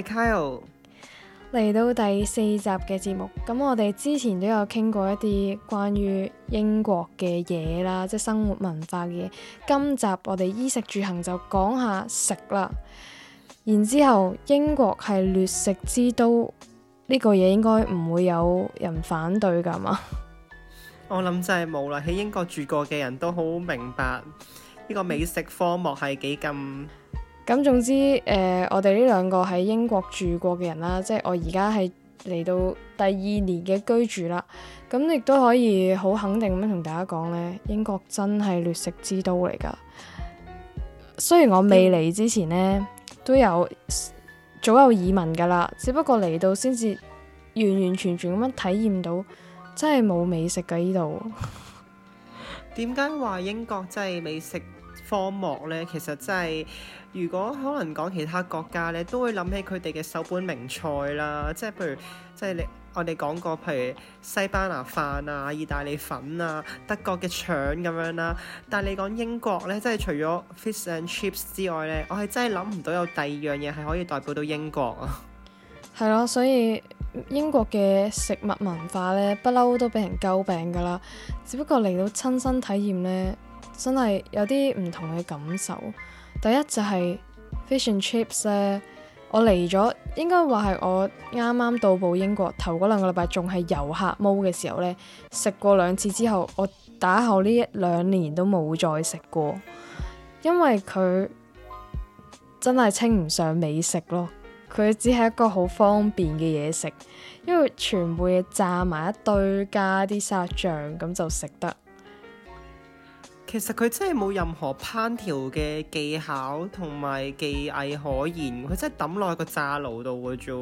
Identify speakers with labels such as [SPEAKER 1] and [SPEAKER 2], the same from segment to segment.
[SPEAKER 1] Hi Kyle，嚟到第四集嘅節目，咁我哋之前都有傾過一啲關於英國嘅嘢啦，即係生活文化嘅嘢。今集我哋衣食住行就講下食啦。然之後英國係劣食之都，呢個嘢應該唔會有人反對㗎嘛？
[SPEAKER 2] 我諗就係無論喺英國住過嘅人都好明白呢個美食荒漠係幾咁。
[SPEAKER 1] 咁總之，誒、呃，我哋呢兩個喺英國住過嘅人啦，即係我而家係嚟到第二年嘅居住啦。咁亦都可以好肯定咁樣同大家講呢：英國真係劣食之都嚟噶。雖然我未嚟之前呢，都有早有耳聞噶啦，只不過嚟到先至完完全全咁樣體驗到，真係冇美食噶呢度。
[SPEAKER 2] 點解話英國真係美食？荒漠咧，其實真係如果可能講其他國家咧，都會諗起佢哋嘅首本名菜啦。即係譬如，即係你我哋講過，譬如西班牙飯啊、意大利粉啊、德國嘅腸咁樣啦。但係你講英國呢，即係除咗 Fish and Chips 之外呢，我係真係諗唔到有第二樣嘢係可以代表到英國啊。
[SPEAKER 1] 係咯，所以英國嘅食物文化呢，不嬲都俾人詬病噶啦。只不過嚟到親身體驗呢，真係有啲唔同嘅感受。第一就係 fish and chips 呢，我嚟咗應該話係我啱啱到埗英國頭嗰兩個禮拜仲係遊客 mode 嘅時候呢，食過兩次之後，我打後呢一兩年都冇再食過，因為佢真係稱唔上美食咯，佢只係一個好方便嘅嘢食，因為全部嘢炸埋一堆，加啲沙律醬咁就食得。
[SPEAKER 2] 其實佢真係冇任何烹調嘅技巧同埋技藝可言，佢真係抌落個炸爐度嘅啫。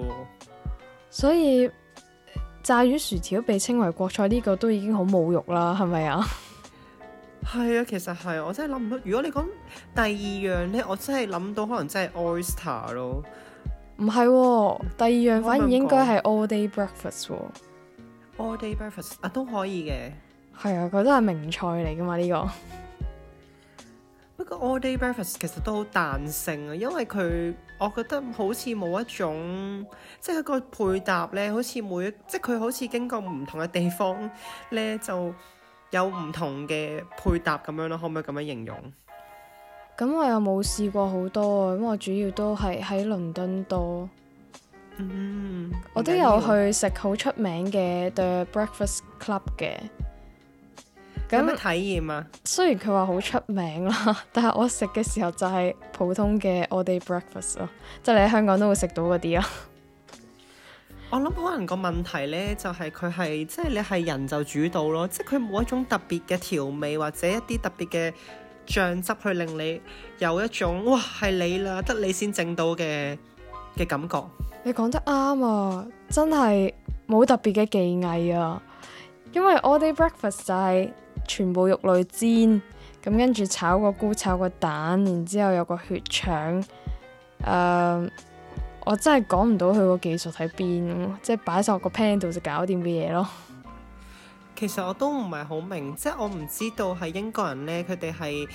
[SPEAKER 1] 所以炸魚薯條被稱為國菜呢個都已經好侮辱啦，係咪啊？
[SPEAKER 2] 係 啊，其實係，我真係諗唔到，如果你講第二樣呢，我真係諗到可能真係 oyster 咯。
[SPEAKER 1] 唔係、啊，第二樣反而應該係 all day breakfast 喎。
[SPEAKER 2] all day breakfast 啊，都可以嘅。
[SPEAKER 1] 係啊，佢都係名菜嚟噶嘛呢個。
[SPEAKER 2] 不 過 all day breakfast 其實都好彈性啊，因為佢我覺得好似冇一種，即係個配搭咧，好似每一，即係佢好似經過唔同嘅地方咧，就有唔同嘅配搭咁樣咯，可唔可以咁樣形容？
[SPEAKER 1] 咁我又冇試過好多啊，咁我主要都係喺倫敦多。嗯，我都有去食好出名嘅 The Breakfast Club 嘅。那有咩體驗啊？雖然佢話好出名啦，但係我食嘅時候就係普通嘅 all day breakfast 咯，即係你喺香港都會食到嗰啲啊。我諗可能個
[SPEAKER 2] 問題呢，就係佢係即係你係人就煮到咯，即係佢冇一種特別嘅調味或者一啲特別嘅醬汁去令你有一種哇係你啦，得你先整到嘅嘅感覺。
[SPEAKER 1] 你講得啱啊！真係冇特別嘅技藝啊，因為 all day breakfast 就係全部肉類煎，咁跟住炒個菇，炒個蛋，然之後有個血腸，誒、呃，我真係講唔到佢個技術喺邊，即係擺曬落個盤度就搞掂嘅嘢咯。
[SPEAKER 2] 其實我都唔係好明，即係我唔知道係英國人呢，佢哋係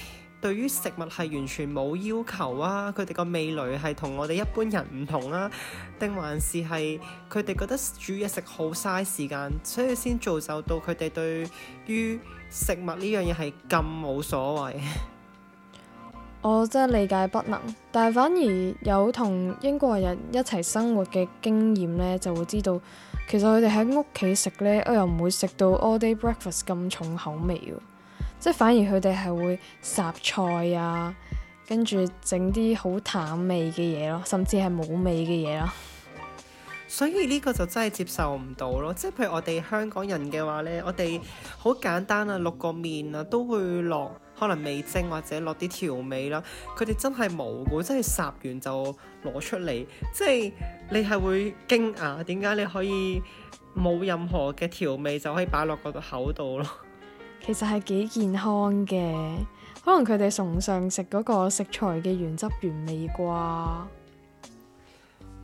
[SPEAKER 2] 對於食物係完全冇要求啊！佢哋個味蕾係同我哋一般人唔同啦、啊，定還是係佢哋覺得煮嘢食好嘥時間，所以先造就到佢哋對於食物呢樣嘢係咁冇所謂。
[SPEAKER 1] 我真係理解不能，但係反而有同英國人一齊生活嘅經驗呢，就會知道其實佢哋喺屋企食呢，我又唔會食到 all day breakfast 咁重口味。即係反而佢哋係會霎菜啊，跟住整啲好淡味嘅嘢咯，甚至係冇味嘅嘢咯。所以呢個就真係接
[SPEAKER 2] 受唔到咯。即係譬如我哋香港人嘅話呢，我哋好簡單啊，淥個麵啊，都會落可能味精或者落啲調味啦、啊。佢哋真係無㗎，真係霎完就攞出嚟。即係你係會驚訝點解你可以冇任何嘅調味就可以擺落個口度咯。
[SPEAKER 1] 其實係幾健康嘅，可能佢哋崇尚食嗰個食材嘅原汁原味啩，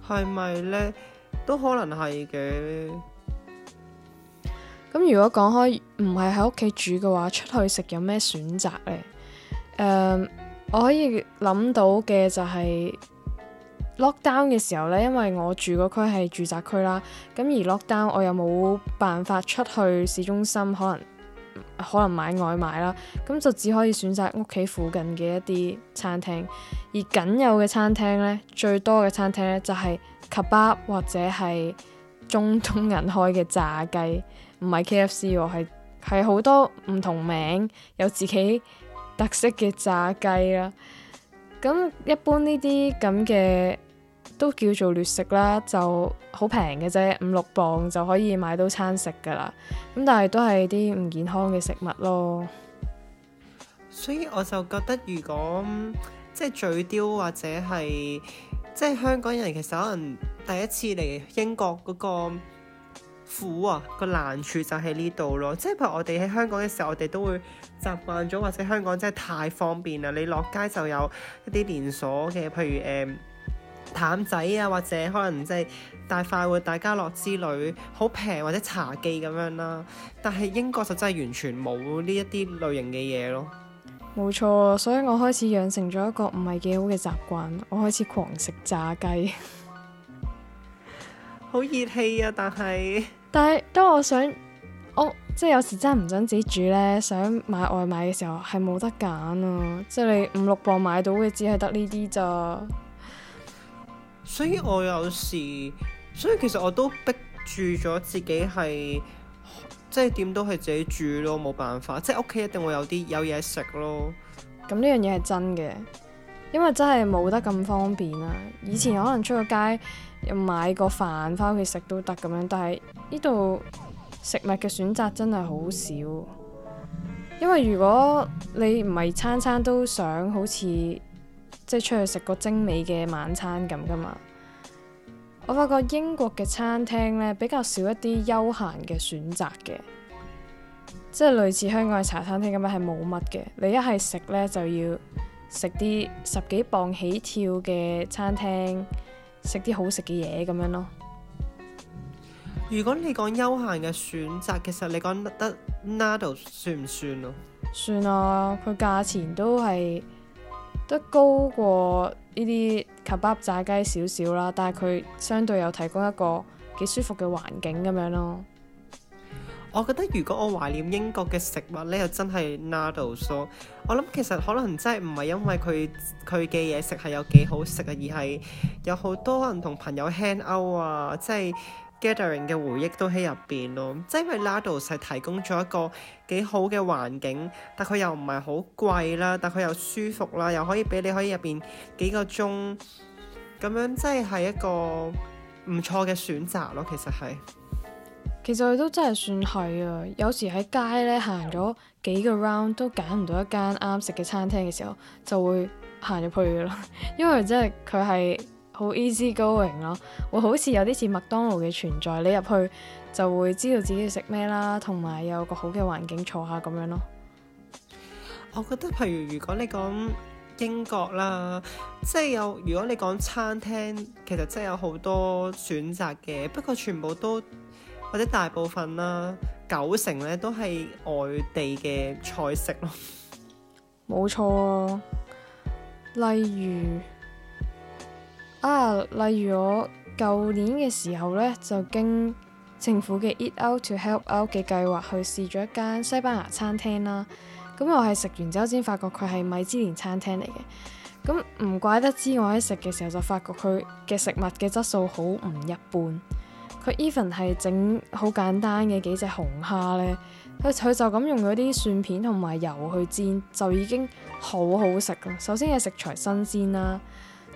[SPEAKER 2] 係咪呢？都可能係嘅。
[SPEAKER 1] 咁如果講開唔係喺屋企煮嘅話，出去食有咩選擇呢？誒、um，我可以諗到嘅就係、是、lockdown 嘅時候呢，因為我住嗰區係住宅區啦，咁而 lockdown 我又冇辦法出去市中心，可能。可能買外賣啦，咁就只可以選擇屋企附近嘅一啲餐廳，而僅有嘅餐廳咧，最多嘅餐廳咧就係卡巴或者係中東人開嘅炸雞，唔係 KFC 喎、啊，係係好多唔同名有自己特色嘅炸雞啦。咁一般呢啲咁嘅。都叫做劣食啦，就好平嘅啫，五六磅就可以買到餐食㗎喇。咁但係都係啲唔健康嘅食物咯。
[SPEAKER 2] 所以我就覺得，如果即係嘴刁或者係即係香港人，其實可能第一次嚟英國嗰個苦啊，個難處就喺呢度咯。即係譬如我哋喺香港嘅時候，我哋都會習慣咗，或者香港真係太方便啦。你落街就有一啲連鎖嘅，譬如誒。呃譚仔啊，或者可能即係大快活、大家樂之類，好平或者茶記咁樣啦。但係英國就真係完全冇呢一啲類型嘅嘢咯。
[SPEAKER 1] 冇錯，所以我開始養成咗一個唔係幾好嘅習慣，我開始狂食炸雞，
[SPEAKER 2] 好熱氣啊！但係
[SPEAKER 1] 但係當我想我即係有時真係唔想自己煮呢，想買外賣嘅時候係冇得揀啊！即係你五六磅買到嘅只係得呢啲咋。
[SPEAKER 2] 所以我有時，所以其實我都逼住咗自己係，即係點都係自己煮咯，冇辦法，即係屋企一定會有啲有嘢食咯。
[SPEAKER 1] 咁呢樣嘢係真嘅，因為真係冇得咁方便啦、啊。以前可能出個街又買個飯返屋企食都得咁樣，但係呢度食物嘅選擇真係好少。因為如果你唔係餐餐都想好似～即係出去食個精美嘅晚餐咁噶嘛？我發覺英國嘅餐廳呢，比較少一啲休閒嘅選擇嘅，即係類似香港嘅茶餐廳咁樣係冇乜嘅。你一係食呢，就要食啲十幾磅起跳嘅餐廳，食啲好食嘅嘢咁樣咯。
[SPEAKER 2] 如果你講休閒嘅選擇，其實你講得 Nando's 算唔算咯？
[SPEAKER 1] 算啊，佢價錢都係。都高過呢啲及 u 炸雞少少啦，但係佢相對有提供一個幾舒服嘅環境咁樣咯。
[SPEAKER 2] 我覺得如果我懷念英國嘅食物呢，又真係 n a d l o u 我諗其實可能真係唔係因為佢佢嘅嘢食係有幾好食啊，而係有好多可能同朋友 hand t 啊，即係。Gathering 嘅回憶都喺入邊咯，即係因為 Lado 係提供咗一個幾好嘅環境，但佢又唔係好貴啦，但佢又舒服啦，又可以俾你可以入邊幾個鐘咁樣，即係一個唔錯嘅選擇咯。其實係，
[SPEAKER 1] 其實佢都真係算係啊。有時喺街咧行咗幾個 round 都揀唔到一間啱食嘅餐廳嘅時候，就會行入去咯。 因為即係佢係。好 easy going 咯，會好似有啲似麥當勞嘅存在，你入去就會知道自己要食咩啦，同埋有個好嘅環境坐下咁樣咯。
[SPEAKER 2] 我覺得，譬如如果你講英國啦，即係有如果你講餐廳，其實真係有好多選擇嘅，不過全部都或者大部分啦，九成咧都係外地嘅菜式
[SPEAKER 1] 咯。冇 錯啊，例如。啊，例如我舊年嘅時候呢，就經政府嘅 Eat Out To Help Out 嘅計劃去試咗一間西班牙餐廳啦。咁、嗯、我係食完之後先發覺佢係米芝蓮餐廳嚟嘅。咁、嗯、唔怪得知我喺食嘅時候就發覺佢嘅食物嘅質素好唔一般。佢 even 係整好簡單嘅幾隻紅蝦呢，佢佢就咁用嗰啲蒜片同埋油去煎，就已經好好食啦。首先係食材新鮮啦，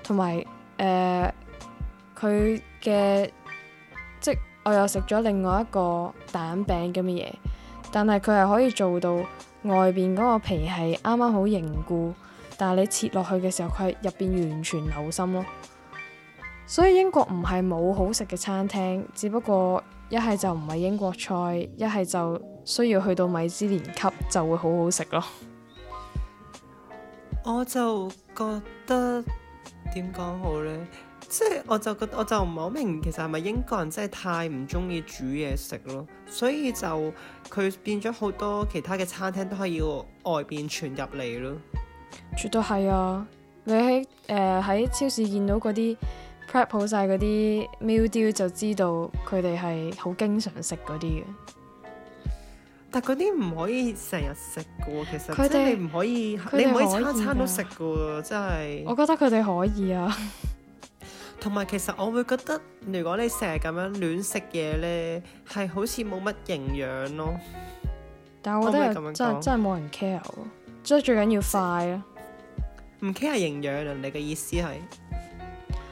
[SPEAKER 1] 同埋。誒，佢嘅、呃、即我又食咗另外一個蛋餅咁嘅嘢，但係佢係可以做到外邊嗰個皮係啱啱好凝固，但係你切落去嘅時候，佢係入邊完全流心咯。所以英國唔係冇好食嘅餐廳，只不過一係就唔係英國菜，一係就需要去到米芝蓮級就會好好食咯。
[SPEAKER 2] 我就覺得。點講好呢？即係我就覺得我就唔係好明，其實係咪英國人真係太唔中意煮嘢食咯？所以就佢變咗好多其他嘅餐廳都係要外邊傳入嚟咯。
[SPEAKER 1] 絕對係啊！你喺誒喺超市見到嗰啲 prep 好晒嗰啲 meal deal 就知道佢哋係好經常食嗰啲嘅。
[SPEAKER 2] 但嗰啲唔可以成日食嘅喎，其實佢哋唔可以，佢哋你唔可以餐餐都食嘅喎，真係。我覺得
[SPEAKER 1] 佢哋可以啊。
[SPEAKER 2] 同埋其實我會覺得，如果你成日咁樣亂食嘢咧，係好似冇乜營養咯。但係我覺
[SPEAKER 1] 得係咁樣，真係真係冇人 care 喎，即係最緊要快啊！
[SPEAKER 2] 唔 care 營養。人哋嘅意思係？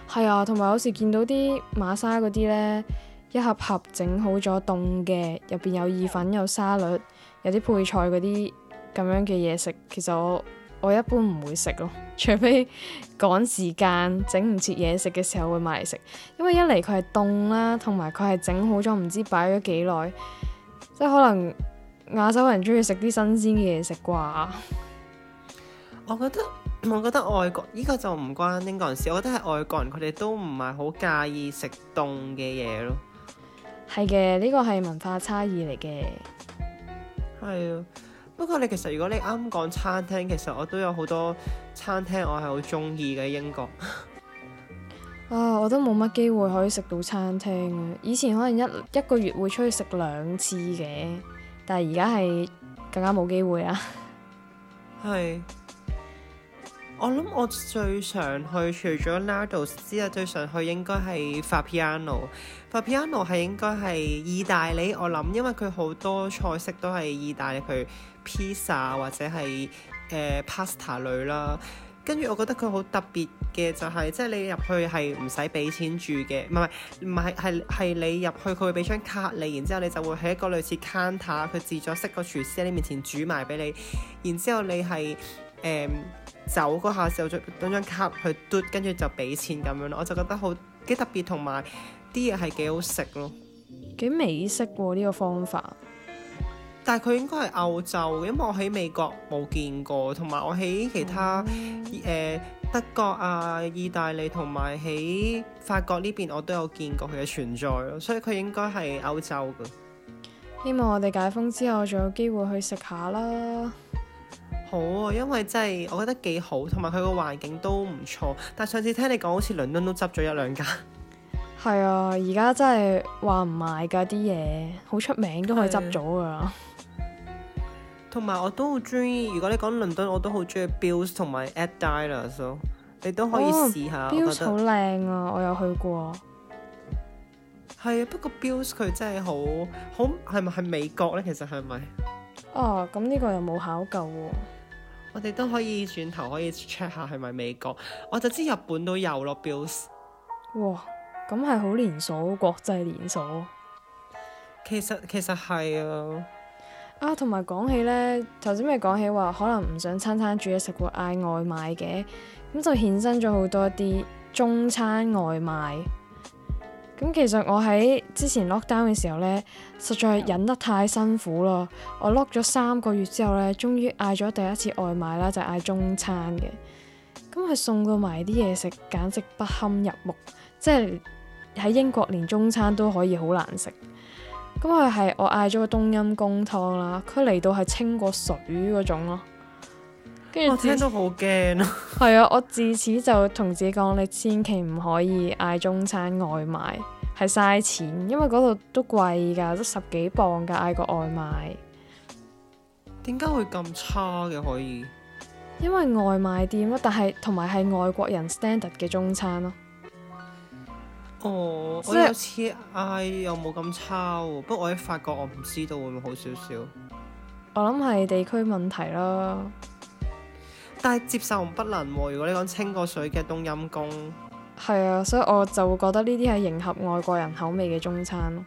[SPEAKER 1] 係啊，同埋有時見到啲馬莎嗰啲咧。一盒盒整好咗，凍嘅入邊有意粉，有沙律，有啲配菜嗰啲咁樣嘅嘢食。其實我我一般唔會食咯，除非趕時間整唔切嘢食嘅時候會買嚟食，因為一嚟佢係凍啦，同埋佢係整好咗，唔知擺咗幾耐，即係可能亞洲人中意食啲新鮮嘅嘢食啩。
[SPEAKER 2] 我覺得我覺得外國，呢個就唔關英國人事，我覺得係外國人佢哋都唔係好介意食凍嘅嘢咯。
[SPEAKER 1] 係嘅，呢個係文化差異嚟嘅。係啊，不過你其實如果你
[SPEAKER 2] 啱講餐廳，其實我都有好多餐廳我係好中意嘅英國。
[SPEAKER 1] 啊，我都冇乜機會可以食到餐廳啊！以前可能一一個月會出去食兩次嘅，但係而家係更加冇機會啊。
[SPEAKER 2] 係。我諗我最常去除咗 Nando's 之外，最常去應該係 Vapiano。Vapiano 係應該係意大利，我諗因為佢好多菜式都係意大利，譬如 pizza 或者係誒、呃、pasta 類啦。跟住我覺得佢好特別嘅就係、是，即係你入去係唔使俾錢住嘅，唔係唔係，係係你入去佢會俾張卡你，然之後你就會喺一個類似 counter，佢自助式個廚師喺你面前煮埋俾你，然之後你係。誒、嗯、走嗰下就用張卡去嘟，跟住就俾錢咁樣咯。我就覺得好幾特別，同埋啲嘢係幾好食咯。幾美
[SPEAKER 1] 式喎呢、呢個方法？
[SPEAKER 2] 但係佢應該係歐洲，因為我喺美國冇見過，同埋我喺其他誒、嗯呃、德國啊、意大利同埋喺法國呢邊，我都有見過佢嘅存在咯。所以佢應該係歐洲嘅。
[SPEAKER 1] 希望我哋解封之後，仲有機會去食下啦～
[SPEAKER 2] 好啊，oh, 因為真係我覺得幾好，同埋佢個環境都唔錯。但上次聽你講，好似倫敦都執咗一兩間。
[SPEAKER 1] 係啊，而家真係話唔賣噶啲嘢，好出名都可以執咗噶。
[SPEAKER 2] 同埋、啊、我都好中意，如果你講倫敦，我都好中意 Bills 同埋 Adidas，n、oh, 你都可以試下。好
[SPEAKER 1] 靚、oh, 啊，我有去過。係啊，不過 Bills 佢真係
[SPEAKER 2] 好好係咪喺美國呢？其實係咪？
[SPEAKER 1] 哦，咁呢、oh, 個又冇考究、啊。
[SPEAKER 2] 我哋都可以轉頭可以 check 下係咪美國，我就知日本都有咯。Bills，
[SPEAKER 1] 哇，咁係好連鎖，國際連鎖。
[SPEAKER 2] 其實其實係啊，
[SPEAKER 1] 啊同埋講起呢，頭先咪講起話，可能唔想餐餐煮嘢食，會嗌外賣嘅，咁就衍生咗好多啲中餐外賣。咁其實我喺之前 lock down 嘅時候呢，實在忍得太辛苦咯。我 lock 咗三個月之後呢，終於嗌咗第一次外賣啦，就嗌、是、中餐嘅。咁、嗯、佢送到埋啲嘢食，簡直不堪入目。即係喺英國連中餐都可以好難食。咁佢係我嗌咗個冬陰功湯啦，佢嚟到係清過水嗰種咯。跟住我聽到好驚啊！係 啊，我自此就同自己講，你千祈唔可以嗌中餐外賣。係嘥錢，因為嗰度都貴㗎，都十幾磅㗎嗌個外賣。點解會咁差嘅可以？因為外賣店咯，但係同埋係外國人 standard 嘅中餐咯。哦，是我有次
[SPEAKER 2] 嗌又冇咁差喎、啊，不過我一發覺我唔知道會唔會好少少。
[SPEAKER 1] 我諗係地區問題啦。但係接受唔
[SPEAKER 2] 不能喎、啊，如果你講清過水嘅冬陰功。
[SPEAKER 1] 係啊，所以我就會覺得呢啲係迎合外國人口味嘅中餐咯。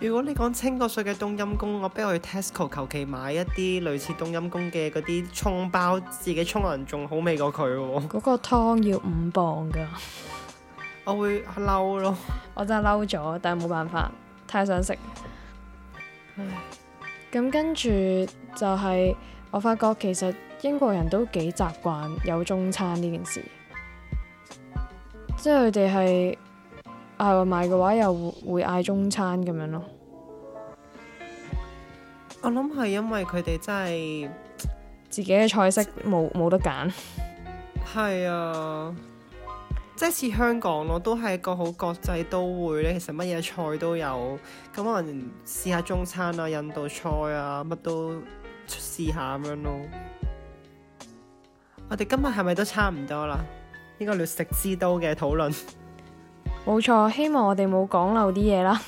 [SPEAKER 1] 如果
[SPEAKER 2] 你講清過水嘅冬陰功，我不如去 Tesco 求其買一啲類似冬陰功嘅嗰啲葱包，自己沖嚟仲好味過佢。
[SPEAKER 1] 嗰個湯要五磅㗎， 我會嬲咯。 我真係嬲咗，但係冇辦法，太想食。唉，咁跟住就係我發覺，其實英國人都幾習慣有中餐呢件事。即係佢哋係嗌外賣嘅話，又會嗌中餐咁樣咯。
[SPEAKER 2] 我諗係因為佢哋真係自己
[SPEAKER 1] 嘅菜式冇，冇係得揀。
[SPEAKER 2] 係啊，即係似香港咯，都係個好國際都會咧。其實乜嘢菜都有，咁可能試下中餐啊、印度菜啊，乜都試下咁樣咯。我哋今日係咪都差唔多啦？呢個劣食之都嘅討論，
[SPEAKER 1] 冇錯，希望我哋冇講漏啲嘢啦。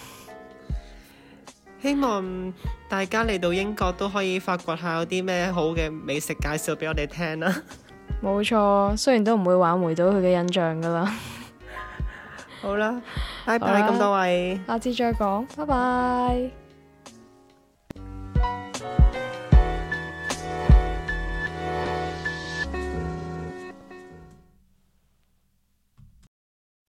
[SPEAKER 1] 希望
[SPEAKER 2] 大家嚟到英國都可以發掘下有啲咩好嘅美食介紹俾我哋聽啦。
[SPEAKER 1] 冇錯，雖然都唔會挽回到佢嘅印象㗎喇。好啦，拜拜，咁多位，下次再講，拜拜。